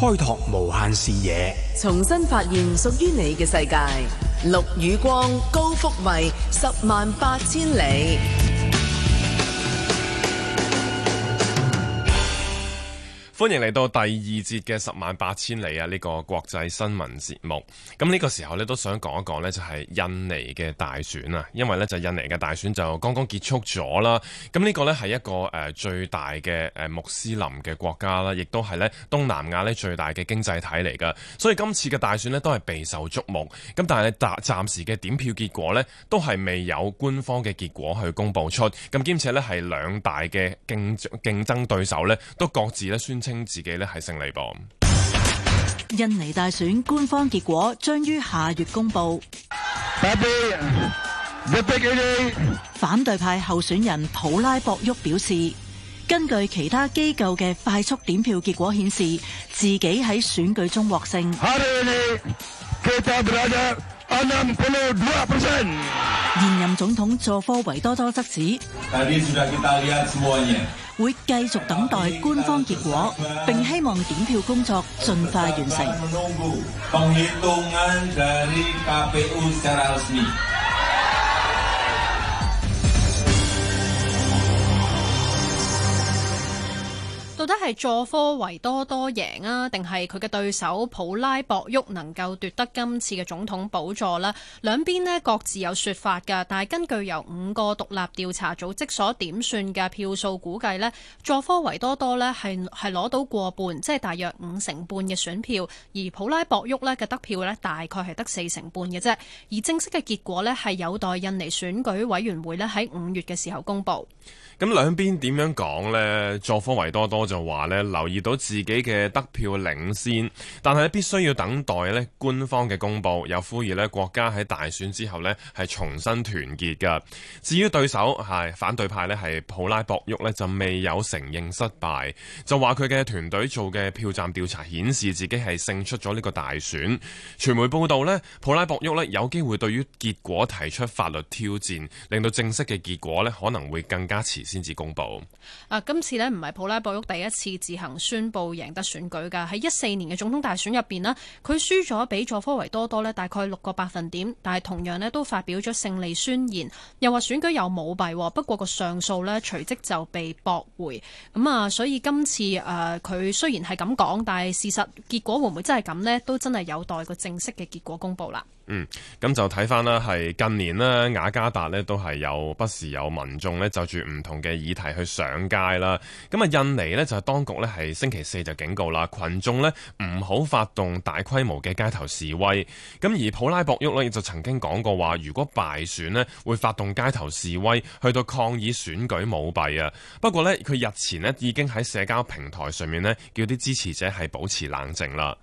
開拓無限視野，重新發現屬於你嘅世界。陸宇光，高福慧，十萬八千里。歡迎嚟到第二節嘅十萬八千里啊！呢、這個國際新聞節目，咁呢個時候呢都想講一講呢就係、是、印尼嘅大選啊，因為呢，就印尼嘅大選就剛剛結束咗啦。咁呢個呢，係一個誒、呃、最大嘅誒、呃、穆斯林嘅國家啦，亦都係呢東南亞呢最大嘅經濟體嚟㗎。所以今次嘅大選呢，都係備受觸目。咁但係暫時嘅點票結果呢，都係未有官方嘅結果去公佈出。咁兼且呢，係兩大嘅競競爭對手呢，都各自呢宣。稱自己咧係勝利噃。印尼大選官方結果將於下月公布。反對派候選人普拉博沃表示，根據其他機構嘅快速點票結果顯示，自己喺選舉中獲勝。現任總統佐科維多多則指。會繼續等待官方結果，並希望點票工作盡快完成。都係佐科維多多贏啊，定係佢嘅對手普拉博沃能夠奪得今次嘅總統寶座咧？兩邊咧各自有說法噶，但係根據由五個獨立調查組織所點算嘅票數估計呢，佐科維多多咧係係攞到過半，即係大約五成半嘅選票，而普拉博沃咧嘅得票咧大概係得四成半嘅啫。而正式嘅結果咧係有待印尼選舉委員會咧喺五月嘅時候公布。咁兩邊點樣講呢？佐科維多多就話呢留意到自己嘅得票領先，但係必須要等待呢官方嘅公佈。又呼籲呢國家喺大選之後呢係重新團結㗎。至於對手係反對派呢係普拉博沃呢就未有承認失敗，就話佢嘅團隊做嘅票站調查顯示自己係勝出咗呢個大選。傳媒報道呢普拉博沃呢有機會對於結果提出法律挑戰，令到正式嘅結果呢可能會更加遲先至公布。啊，今次呢，唔係普拉博沃第一次自行宣布贏得選舉噶，喺一四年嘅總統大選入邊呢，佢輸咗，畀佐科維多多呢大概六個百分點，但係同樣呢，都發表咗勝利宣言，又話選舉又舞弊，不過個上訴呢，隨即就被駁回。咁啊，所以今次誒，佢、啊、雖然係咁講，但係事實結果會唔會真係咁呢？都真係有待個正式嘅結果公布啦。嗯，咁就睇翻啦，係近年啦，雅加達呢都係有不時有民眾呢就住唔同嘅議題去上街啦。咁啊，印尼呢就係、是、當局呢係星期四就警告啦，群眾呢唔好發動大規模嘅街頭示威。咁而普拉博沃呢就曾經講過話，如果敗選呢會發動街頭示威去到抗議選舉舞弊啊。不過呢，佢日前呢已經喺社交平台上面呢叫啲支持者係保持冷靜啦。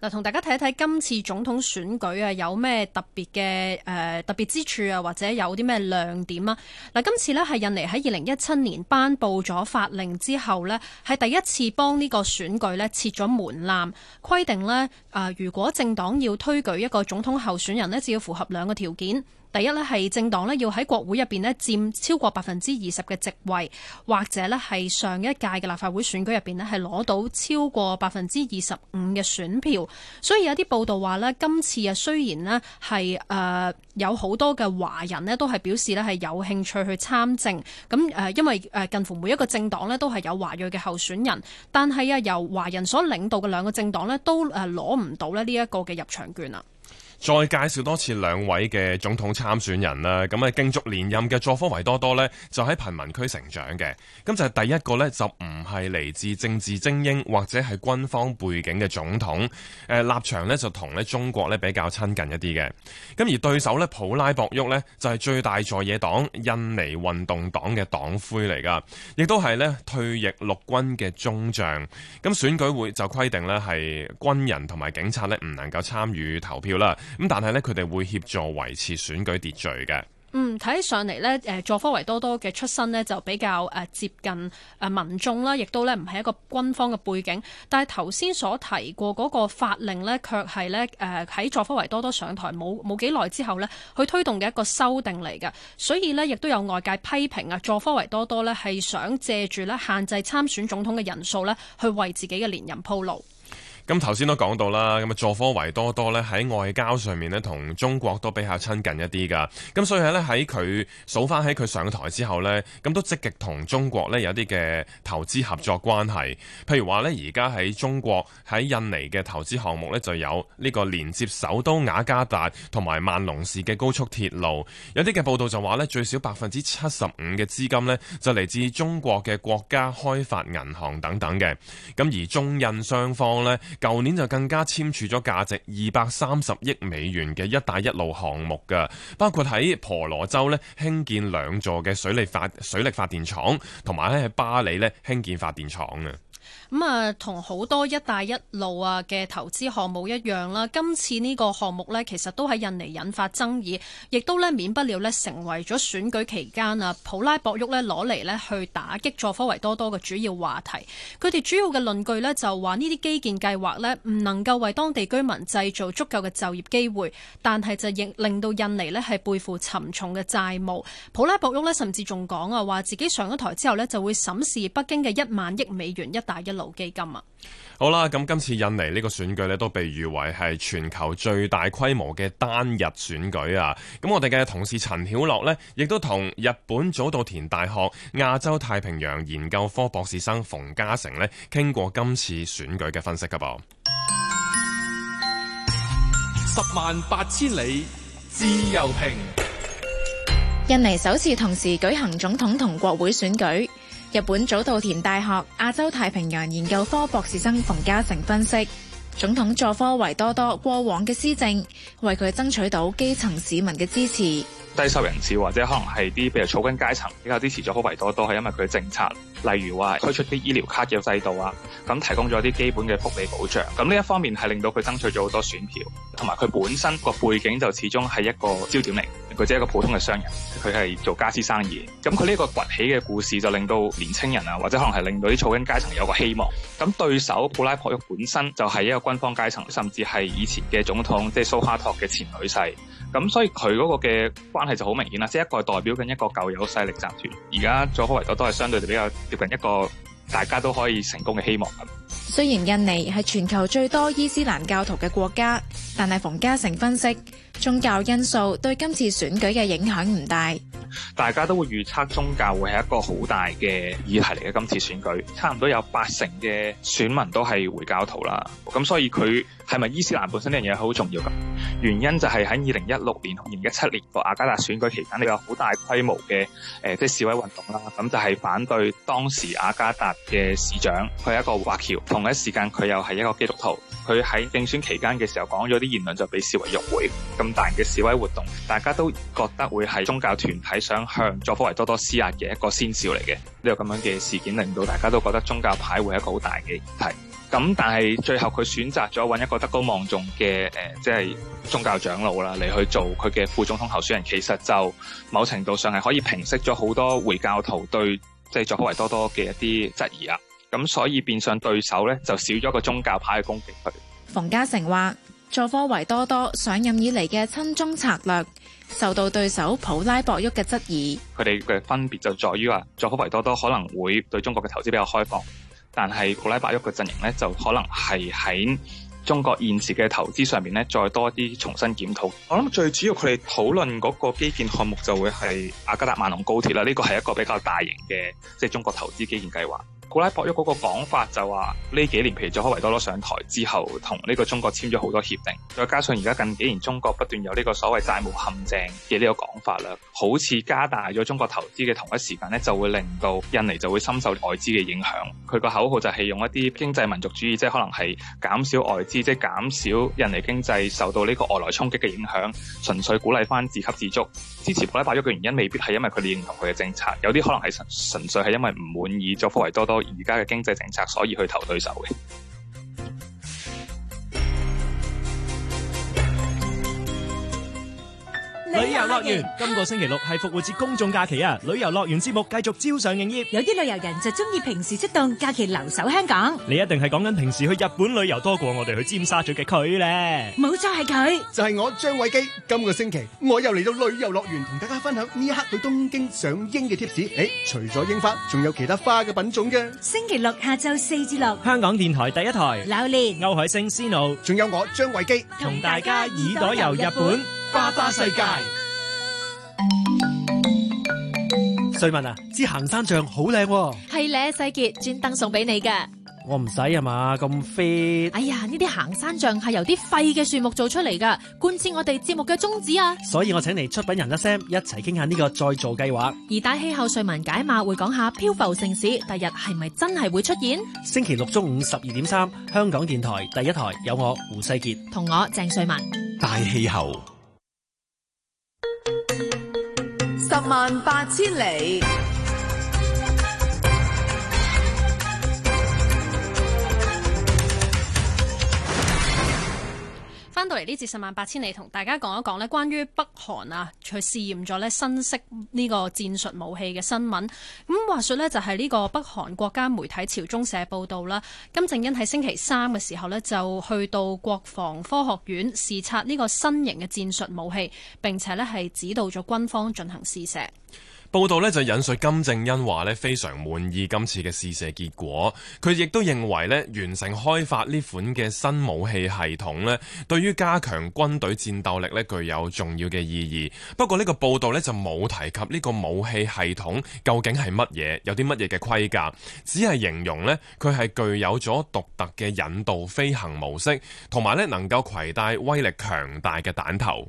嗱，同大家睇一睇今次總統選舉啊，有咩特別嘅、呃、特別之處啊，或者有啲咩亮點啊？嗱，今次呢係印尼喺二零一七年頒布咗法令之後呢，係第一次幫呢個選舉呢設咗門檻，規定呢、呃、如果政黨要推舉一個總統候選人呢只要符合兩個條件。第一咧係政黨呢要喺國會入邊呢佔超過百分之二十嘅席位，或者呢係上一屆嘅立法會選舉入邊呢係攞到超過百分之二十五嘅選票。所以有啲報道話呢今次啊雖然呢係誒有好多嘅華人呢都係表示呢係有興趣去參政，咁誒因為誒近乎每一個政黨呢都係有華裔嘅候選人，但係啊由華人所領導嘅兩個政黨呢都誒攞唔到呢一個嘅入場券啦。再介紹多次兩位嘅總統參選人啦，咁啊競逐連任嘅佐科維多多呢就喺貧民區成長嘅，咁就係第一個呢就唔係嚟自政治精英或者係軍方背景嘅總統，呃，立場呢就同中國呢比較親近一啲嘅，咁而對手呢，普拉博沃呢就係、是、最大在野黨印尼運動黨嘅黨魁嚟㗎，亦都係呢退役陸軍嘅中將，咁選舉會就規定呢係軍人同埋警察呢唔能夠參與投票啦。咁但係咧，佢哋會協助維持選舉秩序嘅。嗯，睇起上嚟咧，誒，佐科維多多嘅出身咧就比較誒、呃、接近誒民眾啦，亦都咧唔係一個軍方嘅背景。但係頭先所提過嗰個法令咧，卻係咧誒喺佐科維多多上台冇冇幾耐之後咧，去推動嘅一個修訂嚟嘅。所以呢，亦都有外界批評啊，佐科維多多咧係想借住咧限制參選總統嘅人數咧，去為自己嘅連任鋪路。咁頭先都講到啦，咁啊佐科維多多呢，喺外交上面呢，同中國都比較親近一啲噶，咁所以呢，喺佢數翻喺佢上台之後呢，咁都積極同中國呢有啲嘅投資合作關係。譬如話呢，而家喺中國喺印尼嘅投資項目呢，就有呢個連接首都雅加達同埋萬隆市嘅高速鐵路，有啲嘅報道就話呢，最少百分之七十五嘅資金呢，就嚟自中國嘅國家開發銀行等等嘅，咁而中印雙方呢。舊年就更加簽署咗價值二百三十億美元嘅一帶一路項目㗎，包括喺婆羅洲呢，興建兩座嘅水力發水力發電廠，同埋咧喺巴里呢興建發電廠啊。咁啊，同好多一帶一路啊嘅投資項目一樣啦，今次呢個項目咧，其實都喺印尼引發爭議，亦都咧免不了咧成爲咗選舉期間啊普拉博沃咧攞嚟咧去打擊佐科維多多嘅主要話題，佢哋主要嘅論據咧就話呢啲基建計劃咧唔能夠爲當地居民製造足夠嘅就業機會，但係就亦令到印尼咧係背負沉重嘅債務，普拉博沃咧甚至仲講啊，話自己上咗台之後咧就會審視北京嘅一萬億美元一帶一路基金啊，好啦，咁今次印尼呢個選舉咧，都被譽為係全球最大規模嘅單日選舉啊。咁我哋嘅同事陳曉樂呢，亦都同日本早稻田大學亞洲太平洋研究科博士生馮嘉誠呢，傾過今次選舉嘅分析噶、啊、噃。十萬八千里自由評，印尼首次同時舉行總統同國會選舉。日本早稻田大學亞洲太平洋研究科博士生馮嘉誠分析，總統助科維多多過往嘅施政為佢爭取到基層市民嘅支持。低收入人士或者可能係啲譬如草根階層比較支持咗，好維多多係因為佢嘅政策，例如話推出啲醫療卡嘅制度啊，咁提供咗啲基本嘅福利保障。咁呢一方面係令到佢爭取咗好多選票，同埋佢本身個背景就始終係一個焦點嚟。佢只係一個普通嘅商人，佢係做家私生意。咁佢呢個崛起嘅故事就令到年青人啊，或者可能係令到啲草根階層有個希望。咁對手普拉博約本身就係一個軍方階層，甚至係以前嘅總統即係蘇哈托嘅前女婿。咁所以佢嗰個嘅關係就好明顯啦。即係一個代表緊一個舊有勢力集團，而家佐科維多都係相對嚟比較接近一個大家都可以成功嘅希望咁。雖然印尼係全球最多伊斯蘭教徒嘅國家。但係，馮嘉誠分析宗教因素對今次選舉嘅影響唔大。大家都會預測宗教會係一個好大嘅議題嚟嘅，今次選舉，差唔多有八成嘅選民都係回教徒啦。咁所以佢係咪伊斯蘭本身呢樣嘢好重要噶？原因就係喺二零一六年同二零一七年個阿加達選舉期間，你有好大規模嘅誒即係示威運動啦。咁就係反對當時阿加達嘅市長，佢係一個華僑，同一時間佢又係一個基督徒。佢喺競選期間嘅時候講咗啲言論就被視為辱毀。咁大嘅示威活動，大家都覺得會係宗教團體。想向佐科維多多施壓嘅一個先兆嚟嘅，呢個咁樣嘅事件令到大家都覺得宗教牌會係一個好大嘅問題。咁但係最後佢選擇咗揾一個德高望重嘅誒，即係宗教長老啦，嚟去做佢嘅副總統候選人。其實就某程度上係可以平息咗好多回教徒對即係佐科維多多嘅一啲質疑啊。咁所以變相對手咧就少咗個宗教牌嘅攻擊隊。馮嘉誠話。佐科維多多上任以嚟嘅親中策略受到對手普拉博沃嘅質疑，佢哋嘅分別就在於啊佐科維多多可能會對中國嘅投資比較開放，但係普拉博沃嘅陣營咧就可能係喺中國現時嘅投資上邊咧再多啲重新檢討。我諗最主要佢哋討論嗰個基建項目就會係阿加達萬隆高鐵啦，呢個係一個比較大型嘅即係中國投資基建計劃。普拉博沃嗰個講法就話，呢幾年皮佐科維多多上台之後，同呢個中國簽咗好多協定，再加上而家近幾年中國不斷有呢個所謂債務陷阱嘅呢個講法啦，好似加大咗中國投資嘅同一時間咧，就會令到印尼就會深受外資嘅影響。佢個口號就係用一啲經濟民族主義，即係可能係減少外資，即係減少印尼經濟受到呢個外來衝擊嘅影響，純粹鼓勵翻自給自足。支持普拉博沃嘅原因未必係因為佢哋認同佢嘅政策，有啲可能係純純粹係因為唔滿意佐科維多多。而家嘅經濟政策，所以去投對手嘅。旅遊樂園今個星期六係復活節公眾假期啊！旅遊樂園節目繼續朝上營業。有啲旅遊人就中意平時出動假期留守香港。你一定係講緊平時去日本旅遊多過我哋去尖沙咀嘅佢咧。冇錯係佢，就係我張偉基。今個星期我又嚟到旅遊樂園同大家分享呢刻去東京賞櫻嘅 tips。誒，除咗櫻花，仲有其他花嘅品種嘅。星期六下晝四至六，香港電台第一台，劉念、歐海星、思奴，仲有我張偉基，同大家耳朵遊日本。花花世界，瑞文啊，支行山杖好靚，係咧。細杰專登送俾你嘅，我唔使啊嘛咁 fit。這哎呀，呢啲行山杖係由啲廢嘅樹木做出嚟噶，貫徹我哋節目嘅宗旨啊。所以我請你出品人一 s 一齊傾下呢個再做計劃。而大氣候，瑞文解碼會講下漂浮城市第日係咪真係會出現？星期六中午十二點三，香港電台第一台有我胡世杰同我鄭瑞文大氣候。十萬八千里。翻到嚟呢節十萬八千里，同大家講一講呢關於北韓啊，佢試驗咗呢新式呢個戰術武器嘅新聞。咁話說呢，就係呢個北韓國家媒體朝中社報道啦。金正恩喺星期三嘅時候呢，就去到國防科學院視察呢個新型嘅戰術武器，並且呢係指導咗軍方進行試射。報道呢就引述金正恩話呢非常滿意今次嘅試射結果，佢亦都認為呢完成開發呢款嘅新武器系統呢，對於加強軍隊戰鬥力呢具有重要嘅意義。不過呢個報道呢就冇提及呢個武器系統究竟係乜嘢，有啲乜嘢嘅規格，只係形容呢佢係具有咗獨特嘅引導飛行模式，同埋呢能夠攜帶威力強大嘅彈頭。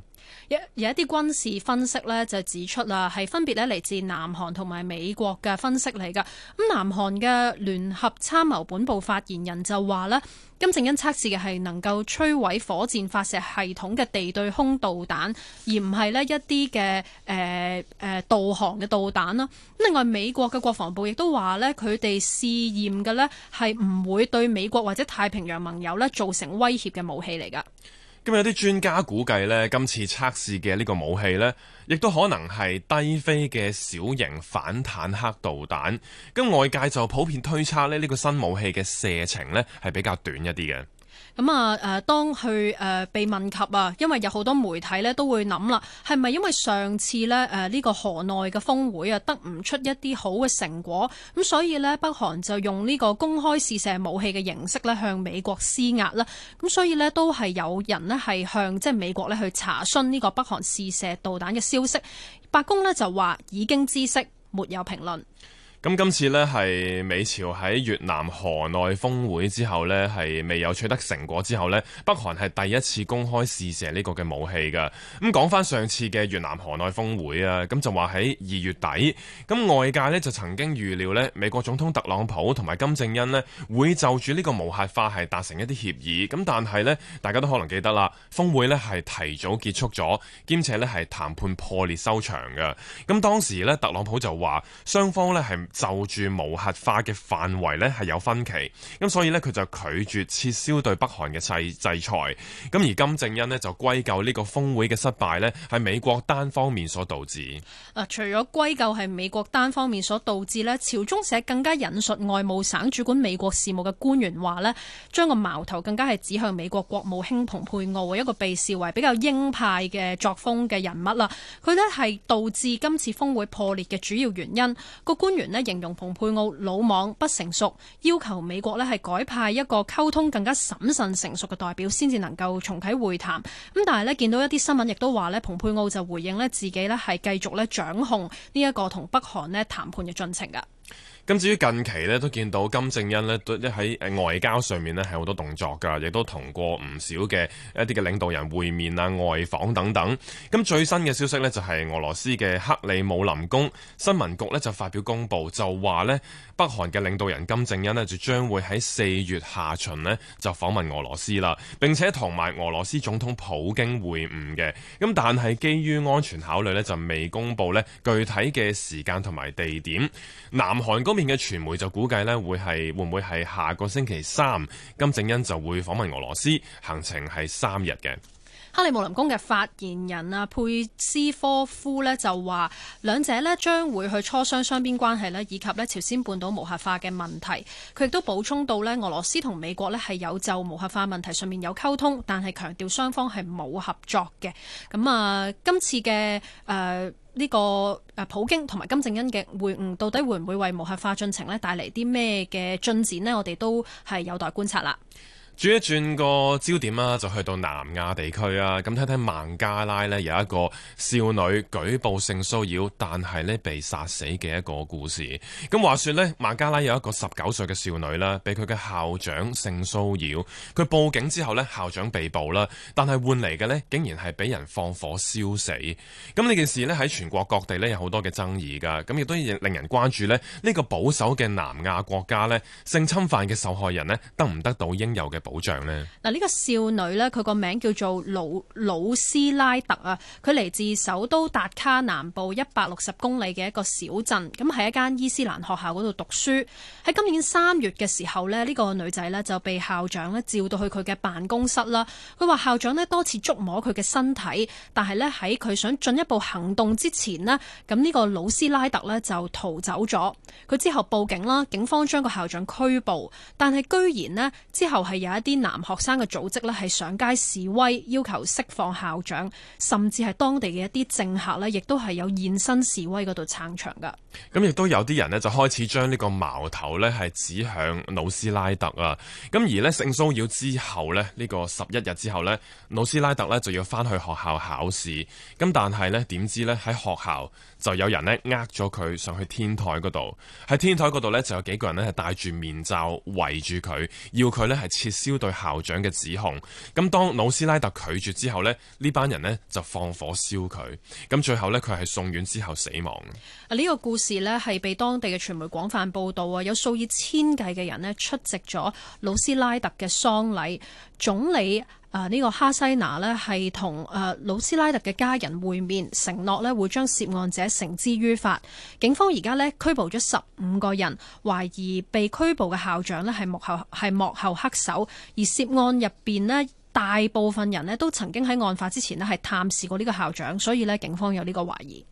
有有一啲軍事分析咧就指出啦，係分別咧嚟自南韓同埋美國嘅分析嚟噶。咁南韓嘅聯合參謀本部發言人就話，呢金正恩測試嘅係能夠摧毀火箭發射系統嘅地對空導彈，而唔係呢一啲嘅誒誒導航嘅導彈啦。另外，美國嘅國防部亦都話，呢佢哋試驗嘅呢，係唔會對美國或者太平洋盟友呢，造成威脅嘅武器嚟噶。咁有啲專家估計呢，今次測試嘅呢個武器呢，亦都可能係低飛嘅小型反坦克導彈。咁外界就普遍推測呢，呢個新武器嘅射程呢，係比較短一啲嘅。咁啊，誒當佢誒被問及啊，因為有好多媒體呢都會諗啦，係咪因為上次呢誒呢個河內嘅峰會啊得唔出一啲好嘅成果，咁所以呢，北韓就用呢個公開試射武器嘅形式呢向美國施壓啦，咁所以呢，都係有人呢係向即係美國呢去查詢呢個北韓試射導彈嘅消息，白宮呢就話已經知悉，沒有評論。咁今次咧係美朝喺越南河內峰會之後咧係未有取得成果之後咧，北韓係第一次公開試射呢個嘅武器嘅。咁講返上次嘅越南河內峰會啊，咁就話喺二月底，咁外界咧就曾經預料咧美國總統特朗普同埋金正恩咧會就住呢個無核化係達成一啲協議。咁但係咧大家都可能記得啦，峰會咧係提早結束咗，兼且咧係談判破裂收場嘅。咁當時咧特朗普就話雙方咧係，就住無核化嘅範圍咧係有分歧，咁所以咧佢就拒絕撤銷對北韓嘅制制裁，咁而金正恩咧就歸咎呢個峰會嘅失敗咧係美國單方面所導致。啊，除咗歸咎係美國單方面所導致咧，朝中社更加引述外務省主管美國事務嘅官員話咧，將個矛頭更加係指向美國國務卿蓬佩奧一個被視為比較鷹派嘅作風嘅人物啦，佢咧係導致今次峰會破裂嘅主要原因。個官員。形容蓬佩奧魯莽不成熟，要求美國咧係改派一個溝通更加審慎成熟嘅代表，先至能夠重啟會談。咁但係咧見到一啲新聞，亦都話咧蓬佩奧就回應咧自己咧係繼續咧掌控呢一個同北韓咧談判嘅進程噶。咁至於近期呢都見到金正恩呢都喺外交上面呢係好多動作噶，亦都同過唔少嘅一啲嘅領導人會面啊、外訪等等。咁最新嘅消息呢，就係俄羅斯嘅克里姆林宮新聞局呢就發表公佈，就話呢北韓嘅領導人金正恩呢就將會喺四月下旬呢就訪問俄羅斯啦，並且同埋俄羅斯總統普京會晤嘅。咁但係基於安全考慮呢，就未公佈呢具體嘅時間同埋地點。南韓面嘅傳媒就估計呢，會係會唔會係下個星期三，金正恩就會訪問俄羅斯，行程係三日嘅。克里姆林宮嘅發言人啊，佩斯科夫呢就話，兩者呢將會去磋商雙邊關係呢，以及呢朝鮮半島無核化嘅問題。佢亦都補充到呢，俄羅斯同美國呢係有就無核化問題上面有溝通，但係強調雙方係冇合作嘅。咁啊，今次嘅誒呢個誒普京同埋金正恩嘅會晤，到底會唔會為無核化進程呢帶嚟啲咩嘅進展呢？我哋都係有待觀察啦。轉一轉個焦點啦，就去到南亞地區啊！咁睇睇孟加拉呢有一個少女舉報性騷擾，但係呢被殺死嘅一個故事。咁話說呢，孟加拉有一個十九歲嘅少女啦，俾佢嘅校長性騷擾。佢報警之後呢，校長被捕啦，但係換嚟嘅呢竟然係俾人放火燒死。咁呢件事呢，喺全國各地呢有好多嘅爭議㗎。咁亦都令人關注呢，呢個保守嘅南亞國家呢，性侵犯嘅受害人呢，得唔得到應有嘅保障呢。嗱，呢個少女咧，佢個名叫做魯斯拉特啊，佢嚟自首都達卡南部一百六十公里嘅一個小鎮，咁係一間伊斯蘭學校嗰度讀書，喺今年三月嘅時候咧，呢、這個女仔咧就被校長咧召到去佢嘅辦公室啦。佢話校長咧多次觸摸佢嘅身體，但係咧喺佢想進一步行動之前咧，咁、這、呢個魯斯拉特咧就逃走咗。佢之後報警啦，警方將個校長拘捕，但係居然咧之後係有。一啲男學生嘅組織咧，係上街示威，要求釋放校長，甚至係當地嘅一啲政客呢，亦都係有現身示威嗰度撐場噶。咁亦都有啲人呢，就開始將呢個矛頭呢係指向努斯拉特啊。咁而呢，性騷擾之後呢，呢個十一日之後呢，努斯拉特呢就要翻去學校考試。咁但係呢，點知呢？喺學校就有人呢呃咗佢上去天台嗰度。喺天台嗰度呢，就有幾個人呢係戴住面罩圍住佢，要佢呢係撤招針對校長嘅指控，咁，當努斯拉特拒絕之後咧，呢班人呢就放火燒佢，咁最後呢，佢係送院之後死亡。啊，呢個故事呢，係被當地嘅傳媒廣泛報道啊，有數以千計嘅人咧出席咗努斯拉特嘅喪禮，總理。啊！呢個哈西娜咧係同誒魯斯拉特嘅家人會面，承諾咧會將涉案者繩之於法。警方而家咧拘捕咗十五個人，懷疑被拘捕嘅校長咧係幕後係幕後黑手，而涉案入邊咧大部分人咧都曾經喺案發之前咧係探視過呢個校長，所以咧警方有呢個懷疑。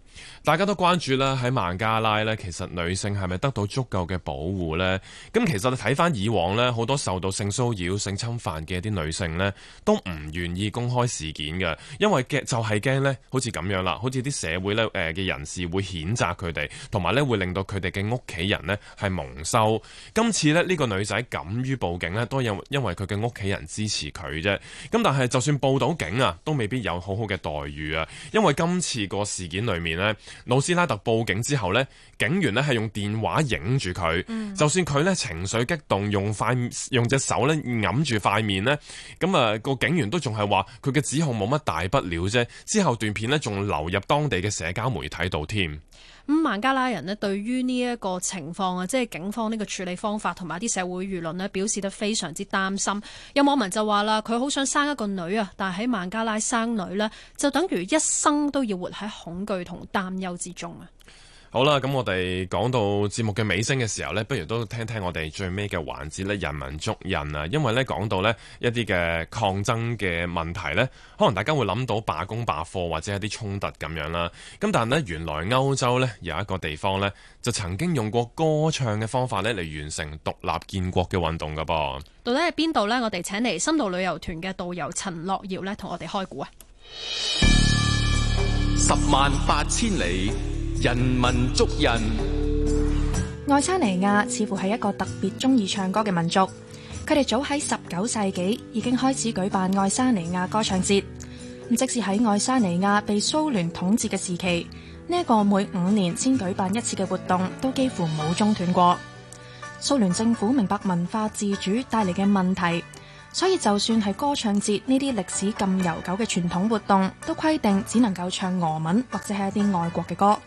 大家都關注啦，喺孟加拉呢，其實女性係咪得到足夠嘅保護呢？咁其實你睇翻以往呢，好多受到性騷擾、性侵犯嘅啲女性呢，都唔願意公開事件嘅，因為就係驚呢，好似咁樣啦，好似啲社會呢誒嘅人士會譴責佢哋，同埋呢會令到佢哋嘅屋企人呢係蒙羞。今次呢，呢個女仔敢於報警呢，都因因為佢嘅屋企人支持佢啫。咁但係就算報到警啊，都未必有好好嘅待遇啊，因為今次個事件裏面呢老斯拉特報警之後咧，警員咧係用電話影住佢，嗯、就算佢咧情緒激動，用塊用隻手咧揞住塊面咧，咁啊個警員都仲係話佢嘅指控冇乜大不了啫。之後段片咧仲流入當地嘅社交媒體度添。咁孟加拉人咧，對於呢一個情況啊，即係警方呢個處理方法同埋啲社會輿論呢表示得非常之擔心。有網民就話啦，佢好想生一個女啊，但係喺孟加拉生女呢，就等於一生都要活喺恐懼同擔憂之中啊！好啦，咁我哋講到節目嘅尾聲嘅時候呢，不如都聽聽我哋最尾嘅環節咧，人文足印啊！因為咧講到呢一啲嘅抗爭嘅問題呢，可能大家會諗到罷工罷課或者一啲衝突咁樣啦。咁但係呢，原來歐洲呢有一個地方呢，就曾經用過歌唱嘅方法呢嚟完成獨立建國嘅運動噶噃。到底喺邊度呢？我哋請嚟深度旅遊團嘅導遊陳樂遙呢，同我哋開估啊！十萬八千里。人民族人，愛沙尼亞似乎係一個特別中意唱歌嘅民族。佢哋早喺十九世紀已經開始舉辦愛沙尼亞歌唱節。咁，即使喺愛沙尼亞被蘇聯統治嘅時期，呢一個每五年先舉辦一次嘅活動都幾乎冇中斷過。蘇聯政府明白文化自主帶嚟嘅問題，所以就算係歌唱節呢啲歷史咁悠久嘅傳統活動，都規定只能夠唱俄文或者係一啲外國嘅歌。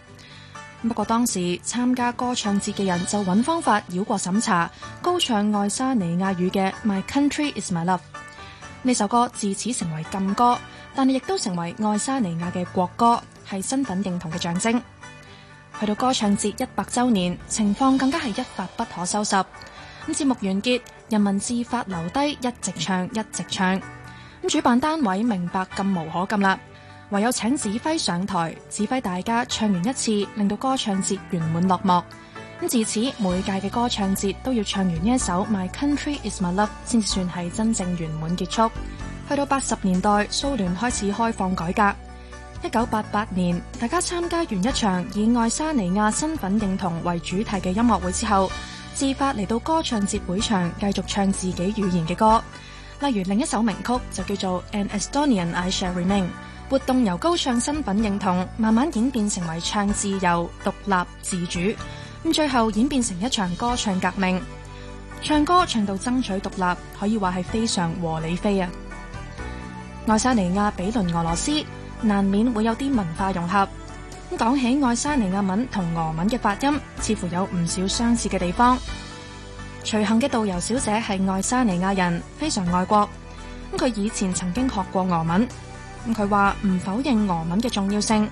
不過當時參加歌唱節嘅人就揾方法繞過審查，高唱愛沙尼亞語嘅《My Country Is My Love》。呢首歌自此成為禁歌，但係亦都成為愛沙尼亞嘅國歌，係身份認同嘅象徵。去到歌唱節一百周年，情況更加係一發不可收拾。咁節目完結，人民自發留低，一直唱，一直唱。主辦單位明白禁無可禁啦。唯有請指揮上台，指揮大家唱完一次，令到歌唱節圓滿落幕。咁自此每屆嘅歌唱節都要唱完呢一首《My Country Is My Love》先至算係真正圓滿結束。去到八十年代，蘇聯開始開放改革。一九八八年，大家參加完一場以愛沙尼亞身份認同為主題嘅音樂會之後，自發嚟到歌唱節會場繼續唱自己語言嘅歌，例如另一首名曲就叫做《An Estonian I Shall Remain》。活動由高唱身份認同，慢慢演變成為唱自由、獨立、自主，咁最後演變成一場歌唱革命。唱歌唱到爭取獨立，可以話係非常和理非啊！愛沙尼亞比鄰俄羅斯，難免會有啲文化融合。咁講起愛沙尼亞文同俄文嘅發音，似乎有唔少相似嘅地方。隨行嘅導遊小姐係愛沙尼亞人，非常愛國。咁佢以前曾經學過俄文。佢話唔否認俄文嘅重要性，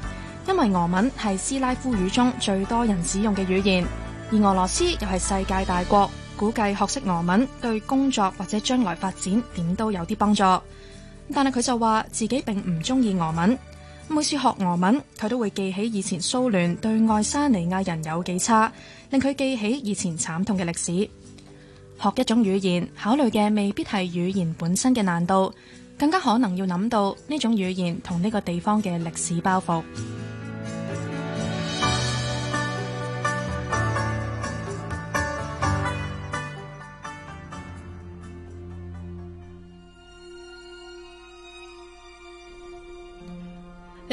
因為俄文係斯拉夫語中最多人使用嘅語言，而俄羅斯又係世界大國，估計學識俄文對工作或者將來發展點都有啲幫助。但係佢就話自己並唔中意俄文，每次學俄文，佢都會記起以前蘇聯對愛沙尼亞人有幾差，令佢記起以前慘痛嘅歷史。學一種語言，考慮嘅未必係語言本身嘅難度。更加可能要諗到呢種語言同呢個地方嘅歷史包袱。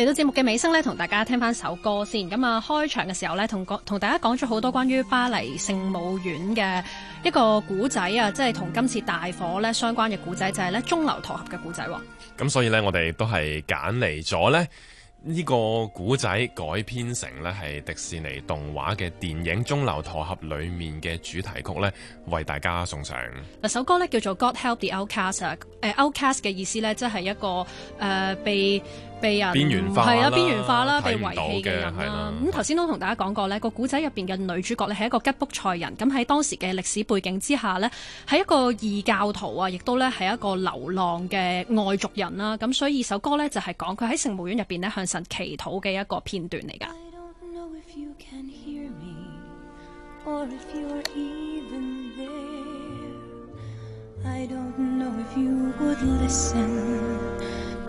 嚟到節目嘅尾聲咧，同大家聽翻首歌先。咁啊，開場嘅時候咧，同講同大家講咗好多關於巴黎聖母院嘅一個古仔啊，即係同今次大火咧相關嘅古仔，就係咧鐘樓駝俠嘅古仔。咁所以呢，我哋都係揀嚟咗咧呢個古仔改編成咧係迪士尼動畫嘅電影《鐘樓駝俠》裏面嘅主題曲咧，為大家送上嗱首歌咧叫做《God Help the Outcast、呃》。誒，Outcast 嘅意思咧，即係一個誒、呃、被。被啊，係啦，邊緣化啦，被遺棄嘅人啦。咁頭先都同大家講過呢個古仔入邊嘅女主角呢，係一個吉卜賽人。咁喺當時嘅歷史背景之下呢，係一個異教徒啊，亦都呢，係一個流浪嘅外族人啦。咁所以呢首歌呢，就係講佢喺聖母院入邊呢，向神祈禱嘅一個片段嚟㗎。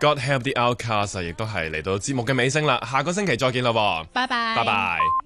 God help the outcast，亦都係嚟到節目嘅尾聲啦，下個星期再見啦，拜拜，拜拜。